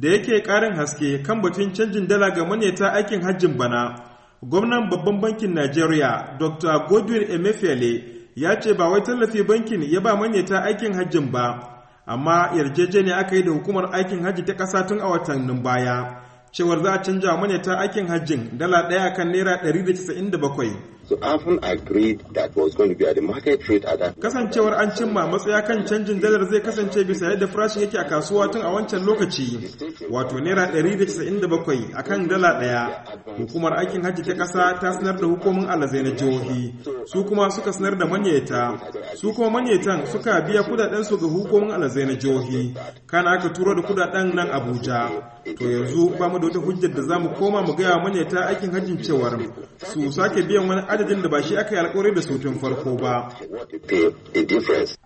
da yake karin haske kan batun canjin dala ga maneta aikin hajjin bana gwamnan babban bankin najeriya dr godwin emefiele ya ce ba wai tallafi bankin ya ba maneta aikin hajjin ba amma yarjejeniya aka yi da hukumar aikin hajji ta ƙasa tun a watannin baya cewar za a canja wa maneta aikin hajjin dala ɗaya kan naira 197 so often agreed that was going to be at the market rate at that kasancewar an cimma matsaya kan canjin dalar zai kasance bisa yadda farashin yake a kasuwa tun a wancan lokaci wato naira 197 akan dala ɗaya. hukumar aikin hajji ta kasa ta sanar da hukumin alazai na jihohi su kuma suka sanar da manyeta su kuma manyetan suka biya kudaden su ga hukumin alazai na jihohi kana aka turo da kudaden nan abuja to yanzu ba mu da wata hujjar da za mu koma mu gaya manyeta aikin hajjin cewar su sake biyan wani adadin da ba shi aka yi alkawari da su tun farko ba.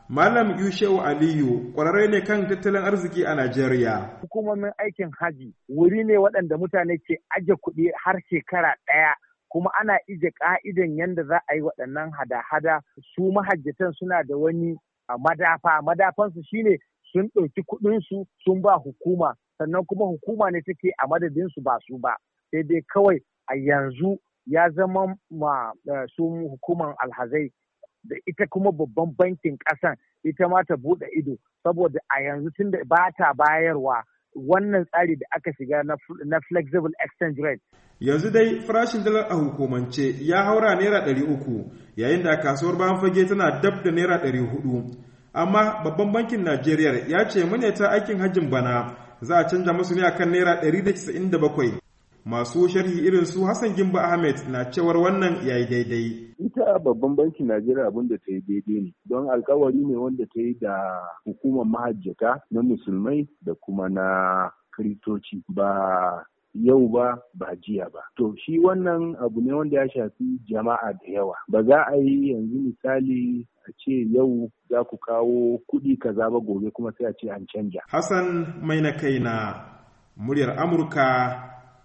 Malam Yushewu Aliyu ƙwararre ne kan tattalin arziki a Najeriya. Hukumomin aikin haji wuri ne waɗanda mutane ke aje kuɗi har shekara ɗaya kuma ana ije ƙa'idan yadda za a yi waɗannan hada-hada su mahajjatan suna da wani madafa madafansu shine sun ɗauki kuɗinsu sun ba hukuma sannan kuma hukuma ne take a madadinsu ba su ba sai dai kawai a yanzu ya zama ma eh, su hukumar alhazai da ita kuma babban bankin kasan ita ma ta buɗe ido saboda a yanzu tun da ba ta bayarwa wannan tsari da aka shiga na flexible exchange rate. Yanzu dai farashin dalar a hukumance ya haura naira ɗari uku yayin da kasuwar bayan fage tana dab da naira ɗari hudu. Amma babban bankin Najeriya ya ce ta aikin hajjin bana za a canza musu ne akan naira ɗari da da bakwai. masu sharhi irin su Hassan Gimba Ahmed na cewar wannan yayi daidai. ita babban bankin Najeriya abin da ta yi daidai ne don alkawari ne wanda ta yi da hukumar mahajjata na musulmai da kuma na kristoci ba yau ba ba jiya ba to shi wannan abu ne wanda ya shafi jama'a da yawa ba za a yi yanzu misali a ce yau za ku kawo kuɗi kaza ba gobe kuma sai a ce an canja hassan mai na kai na muryar amurka